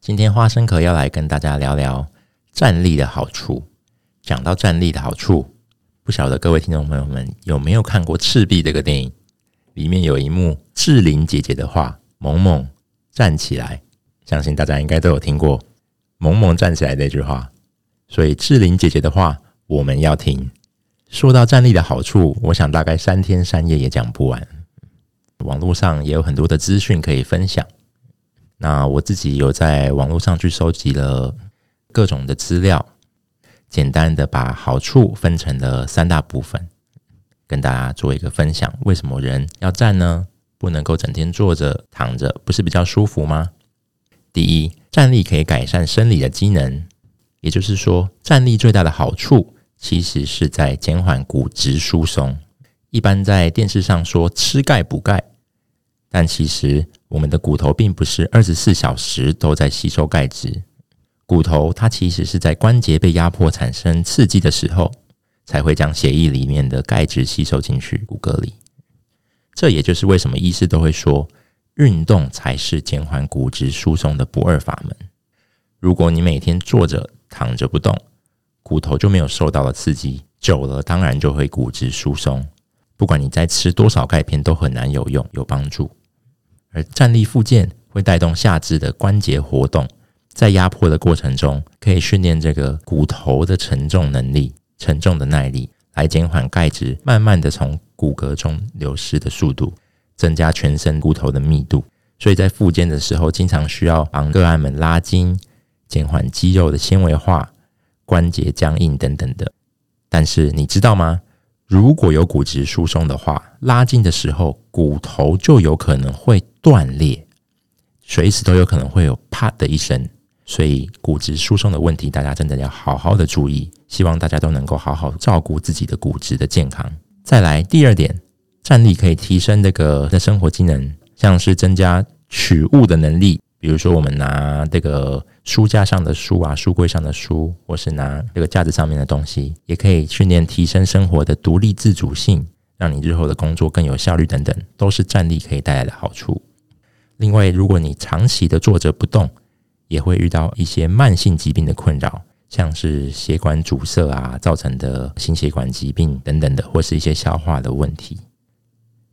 今天花生殼要來跟大家聊聊站立的好處。講到站立的好處，不曉得各位聽眾朋友們有沒有看過《赤壁》這個電影？裡面有一幕志玲姐姐的話：“萌萌站起來。”相信大家應該都有聽過“萌萌站起來”這句話。所以志玲姐姐的話我們要聽。說到站立的好處，我想大概三天三夜也講不完。網絡上也有很多的資訊可以分享。那我自己有在網絡上去收集了各種的資料，簡單的把好處分成了三大部分，跟大家做一個分享。為什麼人要站呢？不能夠整天坐着躺着，不是比較舒服嗎？第一，站立可以改善生理的機能，也就是說，站立最大的好處其實是在減緩骨質疏鬆。一般在電視上說吃鈣補鈣。但其實，我們的骨頭並不是二十四小時都在吸收鈣質。骨頭它其實是在關節被壓迫產生刺激的時候，才會將血液裡面的鈣質吸收進去骨骼裡。這也就是為什麼醫師都會說，運動才是減緩骨質疏鬆的不二法門。如果你每天坐着躺着不動，骨頭就沒有受到了刺激，久了當然就會骨質疏鬆。不管你再吃多少鈣片，都很難有用有幫助。而站立復健會帶動下肢的關節活動，在壓迫的過程中，可以訓練這個骨頭的承重能力、承重的耐力，來減緩鈣質慢慢的從骨骼中流失的速度，增加全身骨頭的密度。所以在復健的時候，經常需要幫個案們拉筋，減緩肌肉的纖維化、關節僵硬等等的。但是你知道嗎？如果有骨質疏鬆的話，拉筋的時候，骨頭就有可能會。斷裂，隨時都有可能會有“啪”的一聲，所以骨質疏鬆的問題，大家真的要好好的注意。希望大家都能夠好好照顧自己的骨質的健康。再來，第二點，站立可以提升這個的生活技能，像是增加取物的能力，比如說我們拿這個書架上的書啊，書櫃上的書，或是拿這個架子上面的東西，也可以訓練提升生活的獨立自主性，讓你日後的工作更有效率等等，都是站立可以帶來的好處。另外，如果你長期的坐着不動，也會遇到一些慢性疾病的困擾，像是血管阻塞啊，造成的心血管疾病等等的，或是一些消化的問題。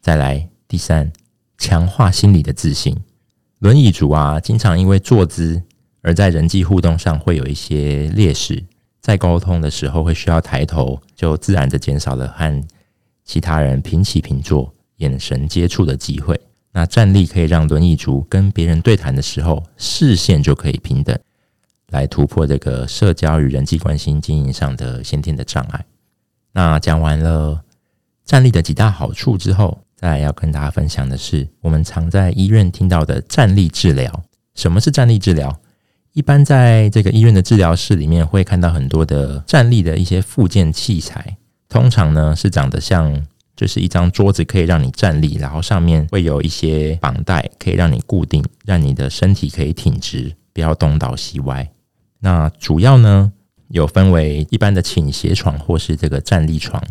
再來，第三，強化心理的自信。輪椅族啊，經常因為坐姿而在人際互動上會有一些劣勢，在溝通的時候會需要抬頭，就自然的減少了和其他人平起平坐、眼神接觸的機會。那站立可以讓輪椅族跟別人對談的時候，視線就可以平等，來突破這個社交與人際關係經營上的先天的障礙。那講完了站立的幾大好處之後，再來要跟大家分享的是，我們常在醫院聽到的站立治療。什麼是站立治療？一般在這個醫院的治療室裡面，會看到很多的站立的一些復健器材，通常呢是長得像。就是一張桌子可以讓你站立，然後上面會有一些綁帶可以讓你固定，讓你的身體可以挺直，不要東倒西歪。那主要呢，有分為一般的傾斜床或是這個站立床。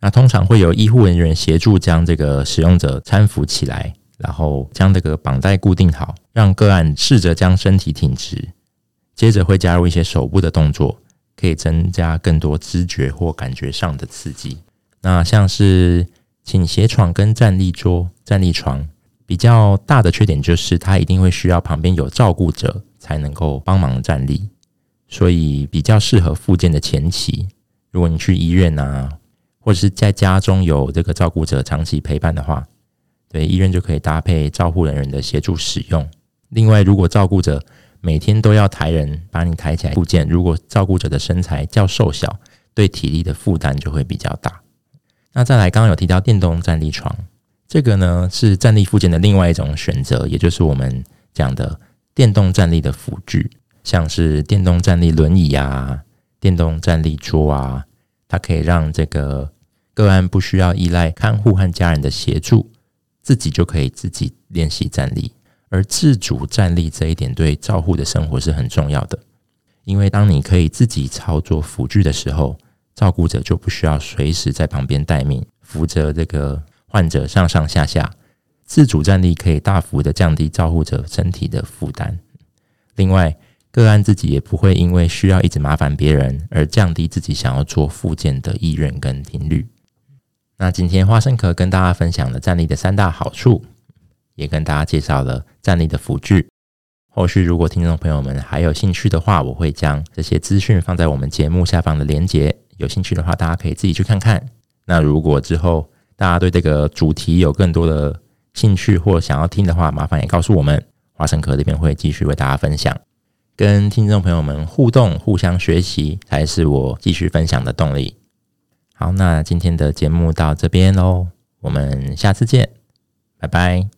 那通常會有醫護人員協助將這個使用者攙扶起來，然後將這個綁帶固定好，讓個案試着將身體挺直。接着會加入一些手部的動作，可以增加更多知覺或感覺上的刺激。那像是傾斜床跟站立桌、站立床比較大的缺點就是，它一定會需要旁邊有照顧者才能夠幫忙站立，所以比較適合復健的前期。如果你去醫院啊，或者是在家中有這個照顧者長期陪伴的話，對，醫院就可以搭配照護人員的協助使用。另外，如果照顧者每天都要抬人把你抬起來復健，如果照顧者的身材較瘦小，對體力的負擔就會比較大。那再來，剛剛有提到電動站立床，這個呢是站立附件的另外一種選擇，也就是我們講的電動站立的輔具，像是電動站立輪椅啊、電動站立桌啊，它可以讓這個個案不需要依賴看護和家人的協助，自己就可以自己練習站立，而自主站立這一點對照護的生活是很重要的，因為當你可以自己操作輔具的時候。照顧者就不需要隨時在旁邊待命，扶着這個患者上上下下，自主站立可以大幅的降低照顧者身體的負擔。另外，個案自己也不會因為需要一直麻煩別人而降低自己想要做復健的意願跟頻率。那今天花生殼跟大家分享了站立的三大好處，也跟大家介紹了站立的輔具，後續如果聽眾朋友們還有興趣的話，我會將這些資訊放在我們節目下方的連結。有興趣的話，大家可以自己去看看。那如果之後大家對這個主題有更多的興趣或想要聽的話，麻煩也告訴我們，花生殼這邊會繼續為大家分享，跟聽眾朋友們互動，互相學習才是我繼續分享的動力。好，那今天的節目到這邊嘍，我們下次見，拜拜。